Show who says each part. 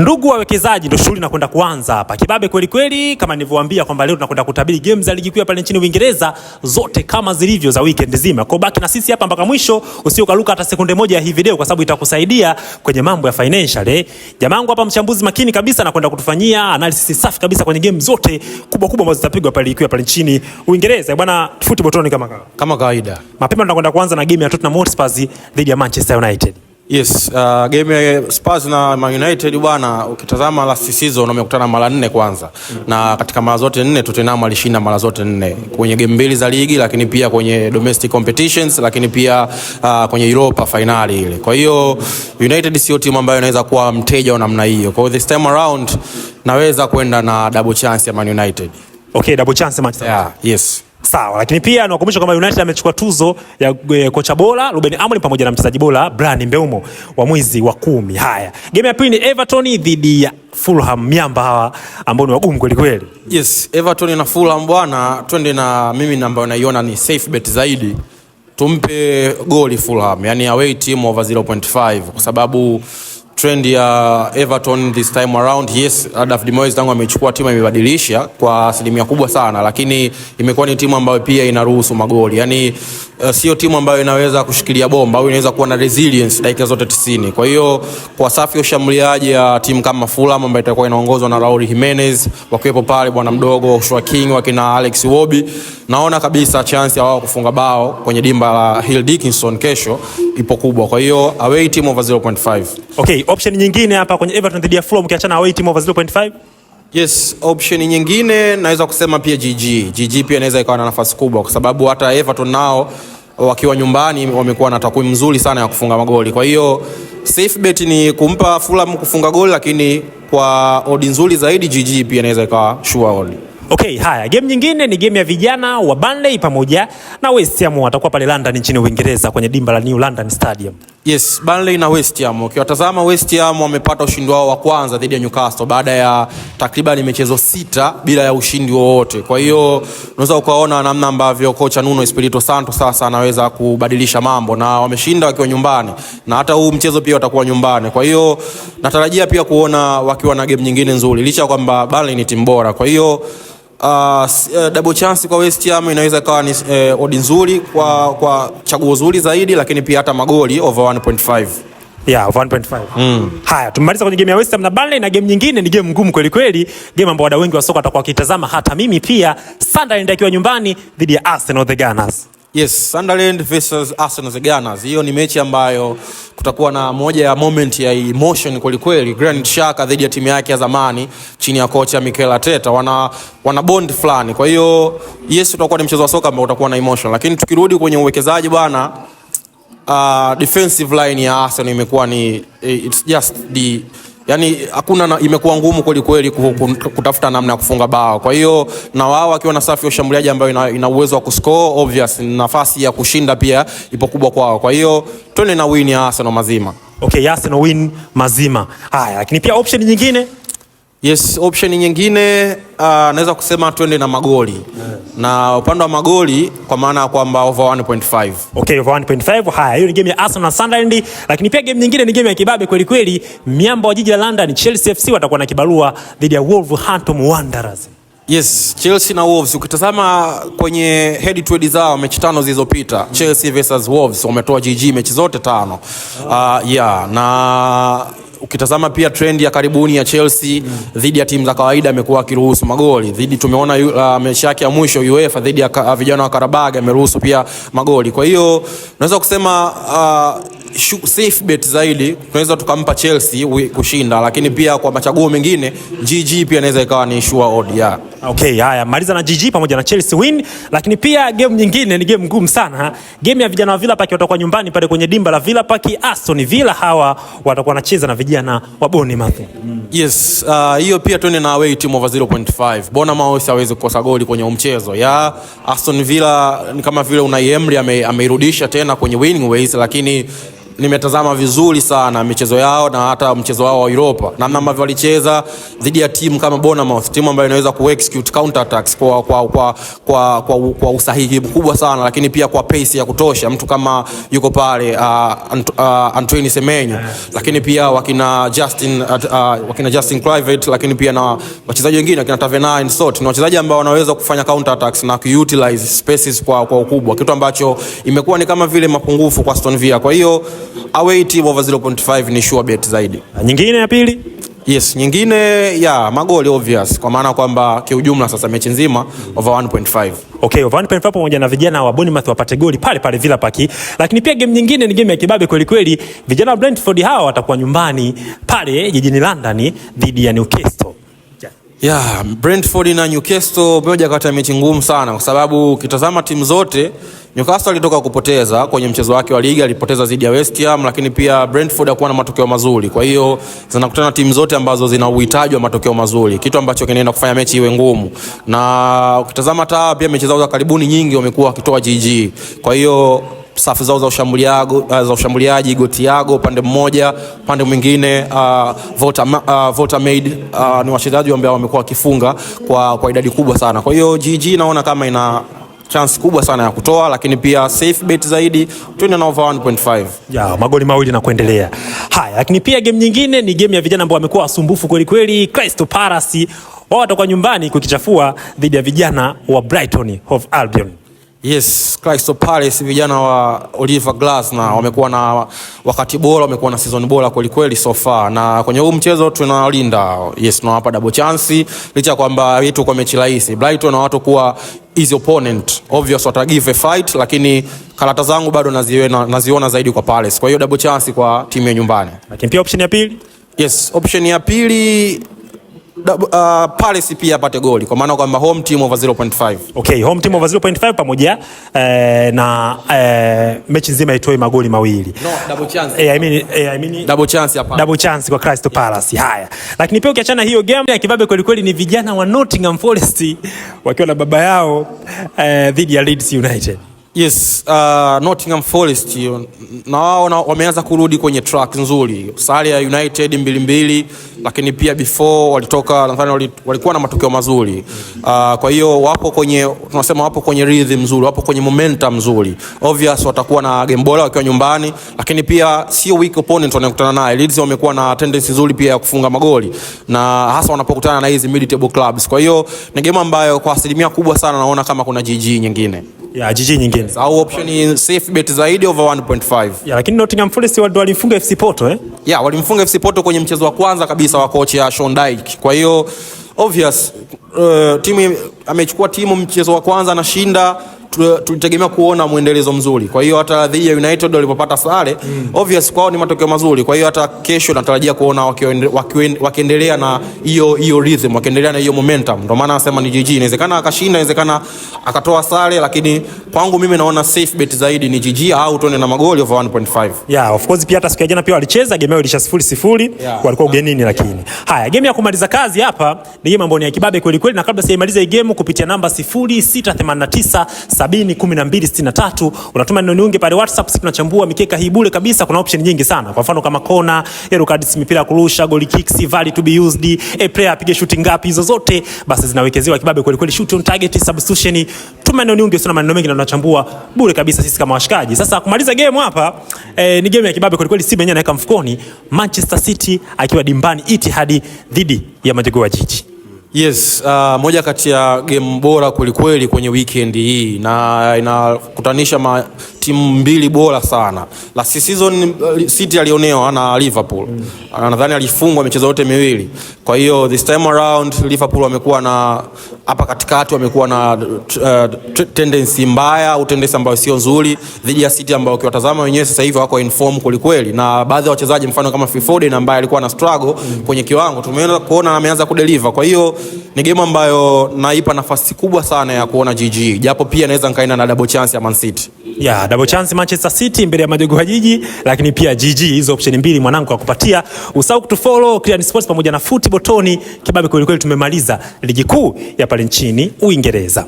Speaker 1: Ndugu wawekezaji, ndio shughuli nakwenda kuanza hapa kibabe kweli kweli, kama nilivyowaambia kwamba leo tunakwenda kutabiri games za ligi kuu pale nchini Uingereza zote kama zilivyo za weekend nzima. Kwa baki na sisi hapa mpaka mwisho, usio kaluka hata sekunde moja ya hii video, kwa sababu itakusaidia kwenye mambo ya financial eh. Jamangu hapa mchambuzi makini kabisa anakwenda kutufanyia analysis safi kabisa kwenye game zote kubwa kubwa ambazo zitapigwa pale ligi kuu pale nchini Uingereza. Bwana football toni kama kama kawaida. Mapema tunakwenda kuanza na game ya Tottenham Hotspur dhidi ya Manchester United.
Speaker 2: Yes, uh, game ya Spurs na Man United bwana, ukitazama last season wamekutana mara nne kwanza mm -hmm. na katika mara zote nne Tottenham alishinda mara zote nne kwenye game mbili za ligi, lakini pia kwenye domestic competitions, lakini pia uh, kwenye Europa finali ile. Kwa hiyo United sio timu ambayo inaweza kuwa mteja wa namna hiyo. Kwa hiyo this time around naweza kwenda na double chance ya Man United.
Speaker 1: Okay, double chance Manchester. Yeah, yes sawa, lakini pia nawakumbusha kwamba United amechukua tuzo ya e, kocha bora Ruben Amorim pamoja na mchezaji bora Brian Mbeumo wa mwezi wa kumi. Haya, game ya pili ni Everton dhidi ya Fulham, miamba hawa ambao ni wagumu kweli kweli.
Speaker 2: Yes, Everton na Fulham bwana, twende na mimi ambayo naiona ni safe bet zaidi tumpe goli Fulham, yani away team over 0.5 kwa sababu trend ya Everton this time around. Yes, Adaf Moyes tangu amechukua timu imebadilisha kwa asilimia kubwa sana, lakini imekuwa ni timu ambayo pia inaruhusu magoli. Yaani uh, sio timu ambayo inaweza kushikilia bomba au inaweza kuwa na resilience dakika zote 90. Kwa hiyo kwa safu ya ushambuliaji ya timu kama Fulham ambayo itakuwa inaongozwa na Raul Jimenez, wakiwepo pale bwana mdogo Joshua King, wakina Alex Wobi, naona kabisa chance ya wao kufunga bao kwenye dimba la Hill Dickinson kesho ipo kubwa. Kwa hiyo away team over 0.5.
Speaker 1: Okay, option nyingine hapa kwenye Everton dhidi ya Fulham ukiachana away team over 0.5.
Speaker 2: Yes, option nyingine naweza kusema pia GG. GG pia inaweza ikawa na nafasi kubwa kwa sababu hata Everton nao wakiwa nyumbani wamekuwa na takwimu nzuri sana ya kufunga magoli. Kwa hiyo safe bet ni kumpa Fulham kufunga goli, lakini kwa odi nzuri zaidi GG pia inaweza ikawa sure odi.
Speaker 1: Okay, haya game nyingine ni game ya vijana wa Burnley pamoja na West Ham watakuwa pale London nchini Uingereza kwenye dimba la New London Stadium.
Speaker 2: Yes, Burnley na West Ham. Ukiwatazama West Ham wamepata ushindi wao wa kwanza dhidi ya Newcastle baada ya takriban michezo sita bila ya ushindi wowote. Kwa hiyo unaweza ukaona namna ambavyo kocha Nuno Espirito Santo sasa anaweza kubadilisha mambo na wameshinda wakiwa nyumbani na hata huu mchezo pia watakuwa nyumbani. Kwa hiyo natarajia pia kuona wakiwa na game nyingine nzuri licha ya kwamba Burnley ni timu bora. Kwa hiyo Uh, double chance kwa West Ham inaweza kawa ni eh, odi nzuri kwa, kwa chaguo zuri zaidi, lakini pia hata magoli over 1.5
Speaker 1: Yeah, 1.5. Mm. Haya, tumemaliza kwenye game ya West Ham na Burnley na game nyingine ni game ngumu kweli kweli, game ambayo wadau wengi wa soka watakuwa wakitazama hata mimi pia. Sunderland akiwa nyumbani dhidi ya Arsenal the Gunners.
Speaker 2: Yes, Sunderland versus Arsenal the Gunners. Hiyo ni mechi ambayo kutakuwa na moja ya moment ya emotion kweli kweli. Granit Xhaka dhidi ya timu yake ya zamani chini ya kocha Mikel Arteta. Wana wana bond fulani. Kwa hiyo yes, utakuwa ni mchezo wa soka ambao utakuwa na emotion. Lakini tukirudi kwenye uwekezaji bwana, uh, defensive line ya Arsenal imekuwa ni it's just the yani hakuna, imekuwa ngumu kweli kweli kutafuta namna ya kufunga bao. Kwa hiyo na wao wakiwa na safu ya ushambuliaji ambayo ina, ina uwezo wa kuscore obvious, nafasi ya kushinda pia ipo kubwa kwao. Kwa hiyo twende na win ya Arsenal mazima.
Speaker 1: Okay, Arsenal win mazima. Haya, lakini pia option nyingine
Speaker 2: Yes, option nyingine uh, naweza kusema twende na magoli yes. Na upande wa magoli kwa maana ya kwamba over 1.5.
Speaker 1: Okay, over 1.5. Haya, hiyo ni game ya Arsenal na Sunderland, lakini pia game nyingine ni game ya kibabe kweli kweli. Miamba wa jiji la London Chelsea FC watakuwa na kibarua dhidi ya Wolverhampton Wanderers.
Speaker 2: Yes, Chelsea na Wolves ukitazama kwenye head to head zao mechi tano zilizopita mm -hmm. Chelsea versus Wolves wametoa GG mechi zote tano. Oh. Uh, yeah, na Ukitazama pia trend ya karibuni ya Chelsea dhidi ya timu za kawaida amekuwa akiruhusu magoli dhidi, tumeona uh, mechi yake ya mwisho UEFA dhidi ya uh, vijana wa Karabag ameruhusu pia magoli. Kwa hiyo naweza kusema uh, safe bet zaidi tunaweza tukampa Chelsea kushinda, lakini pia kwa machaguo mengine GG pia inaweza ikawa ni sure odd yeah.
Speaker 1: Okay, haya maliza na GG pamoja na Chelsea win, lakini pia game nyingine ni game ngumu sana. Game ya vijana wa Villa Park watakuwa nyumbani pale kwenye dimba la Villa Park, Aston Villa hawa watakuwa wanacheza na vijana wa Bournemouth.
Speaker 2: Yes, uh, hiyo uh, pia tuende na away team over 0.5. Bournemouth hawezi kukosa goli kwenye mchezo. Ya Aston Villa ni kama vile Unai Emery ameirudisha ame tena kwenye winning ways lakini nimetazama vizuri sana michezo yao na hata mchezo wao wa Europa, namna ambavyo walicheza dhidi ya timu kama Bournemouth, timu ambayo inaweza ku execute counter attacks kwa, kwa, kwa, kwa, kwa, kwa usahihi mkubwa sana, lakini pia kwa pace ya kutosha. Mtu kama yuko pale uh, Ant, uh, Antoine Semenyo, lakini pia wakina Justin, uh, uh wakina Justin Kluivert, lakini pia na wachezaji wengine wakina Tavernier and Sot, ni wachezaji ambao wanaweza kufanya counter attacks na kuutilize spaces kwa, kwa ukubwa, kitu ambacho imekuwa ni kama vile mapungufu kwa Aston Villa, kwa hiyo away team over 0.5 ni sure bet zaidi.
Speaker 1: Nyingine ya pili
Speaker 2: Yes, nyingine ya magoli obvious kwa maana kwamba kiujumla sasa mechi nzima over 1.5.
Speaker 1: Okay, over 1.5 pamoja na vijana wa Bournemouth wapate goli pale pale Villa Park. Lakini pia game nyingine ni game ya kibabe kweli kweli. Vijana wa Brentford hawa watakuwa nyumbani pale jijini London dhidi ya Newcastle.
Speaker 2: Yeah, Brentford na Newcastle moja kati ya mechi ngumu sana kwa sababu ukitazama timu zote Newcastle alitoka kupoteza kwenye mchezo wake wa ligi, alipoteza dhidi ya West Ham, lakini pia Brentford hakuwa na matokeo mazuri. Kwa hiyo zinakutana timu zote ambazo zina uhitaji wa matokeo mazuri, kitu ambacho kinaenda kufanya mechi iwe ngumu. Na ukitazama taa pia mechi zao za karibuni nyingi wamekuwa wakitoa jiji Kwa hiyo safu zao za eh, ushambuliaji, goti yago upande mmoja, upande mwingine uh, Volta, uh, Volta Maid uh, ah, ni wachezaji ambao wamekuwa wakifunga kwa, kwa idadi kubwa sana. Kwa hiyo GG naona kama ina chance kubwa sana ya kutoa, lakini pia safe bet zaidi twende na over 1.5
Speaker 1: ya magoli mawili na kuendelea. Haya, lakini pia game nyingine ni game ya vijana ambao wamekuwa wasumbufu kweli kweli. Crystal Palace wao watakuwa nyumbani kukichafua dhidi ya vijana wa Brighton of Albion.
Speaker 2: Yes, Crystal Palace vijana wa Oliver Glasner wamekuwa na wakati bora, wamekuwa na season bora kweli kweli so far, na kwenye huu mchezo tunawalinda. Yes, tunawapa double chance licha kwamba yetu kwa mechi rahisi Brighton na watu kuwa easy opponent, obvious wata give a fight, lakini karata zangu bado naziona, naziona zaidi kwa Palace. Kwa hiyo double chance kwa timu ya nyumbani,
Speaker 1: lakini pia option ya pili.
Speaker 2: Yes, option ya pili Uh, Palace pia apate goli kwa maana kwamba home team over 0.5.
Speaker 1: Okay, home team over 0.5 pamoja eh, na eh, mechi nzima itoe magoli mawili.
Speaker 2: No, double chance.
Speaker 1: Eh, I mean, eh, I mean
Speaker 2: double chance hapa.
Speaker 1: Double chance kwa Crystal Palace. Yeah. Haya. Lakini pia ukiachana hiyo game ya kibabe kweli kweli ni vijana wa Nottingham Forest wakiwa na baba yao eh, dhidi ya Leeds United.
Speaker 2: Yes, uh, Nottingham Forest na wao wameanza kurudi kwenye track nzuri, sare ya United mbili mbili, lakini pia before walitoka nadhani walikuwa na matokeo mazuri uh, kwa hiyo wapo kwenye tunasema wapo kwenye rhythm nzuri, wapo kwenye momentum nzuri. Obvious watakuwa na game bora wakiwa nyumbani, lakini pia sio weak opponent wanayokutana naye. Leeds wamekuwa na tendency nzuri pia ya kufunga magoli na hasa wanapokutana na hizi mid table clubs. Kwa hiyo ni game ambayo kwa asilimia kubwa sana naona kama kuna GG nyingine
Speaker 1: ya jiji nyingine.
Speaker 2: Au option ni safe bet zaidi over 1.5.
Speaker 1: Ya lakini Nottingham Forest walimfunga FC Porto eh?
Speaker 2: Ya walimfunga FC Porto kwenye mchezo wa kwanza kabisa wa kocha Sean Dyche. Kwa hiyo obvious, uh, timu amechukua timu mchezo wa kwanza anashinda tulitegemea kuona mwendelezo mzuri. Kwa hiyo hata dhidi ya United walipopata sare mm, obvious kwao ni matokeo mazuri. Kwa hiyo hata kesho natarajia kuona wakiendelea na hiyo hiyo rhythm, wakiendelea na hiyo momentum. Ndio maana nasema ni GG, inawezekana akashinda, inawezekana akatoa sare, lakini kwangu mimi naona safe bet zaidi ni GG au tuone na magoli over 1.5.
Speaker 1: Yeah, of course pia hata siku ya jana pia walicheza game yao ilisha 0 0 yeah, walikuwa ugenini lakini. Yeah. Haya, game ya kumaliza kazi hapa ni game ambayo ni ya kibabe kweli kweli na kabla sijaimaliza hii game kupitia namba 0689 70 Unatuma neno niunge pale WhatsApp, sisi tunachambua mikeka hii bure kabisa. Kuna option nyingi sana, kwa mfano kama kona, yellow cards, mipira kurusha, goal kicks, value to be used, a player apige shooting ngapi, hizo zote basi zinawekezewa kibabe kweli kweli, shoot on target, substitution. Tuma neno niunge, sana maneno mengi, na tunachambua bure kabisa sisi kama washikaji. Sasa kumaliza game hapa, eh, ni game ya kibabe kweli kweli. Simba yenyewe anaweka mfukoni Manchester City akiwa dimbani Etihad dhidi ya Magogo wa Jiji.
Speaker 2: Yes, uh, moja kati ya game bora kwelikweli kwenye weekend hii na inakutanisha ma timu mbili bora sana. Last season uh, City alionewa na Liverpool mm. Uh, nadhani alifungwa michezo yote miwili, kwa hiyo this time around Liverpool wamekuwa na hapa katikati wamekuwa na uh, tendency mbaya au tendency ambayo sio nzuri dhidi ya City ambao ukiwatazama wenyewe sasa hivi wako inform kulikweli, na baadhi ya wachezaji mfano kama Fifode ambaye alikuwa na struggle mm. kwenye kiwango tumeona kuona ameanza kudeliver. Kwa hiyo ni game ambayo naipa nafasi kubwa sana ya kuona GG, japo pia naweza nikaenda na double chance ya Man City
Speaker 1: ya yeah, double chance Manchester City mbele ya majogo wa jiji, lakini pia GG. Hizo option mbili mwanangu akupatia. Usahau kutufollow Clean Sports pamoja na Football Tony kibabe kweli kweli, tumemaliza ligi kuu ya pale nchini Uingereza.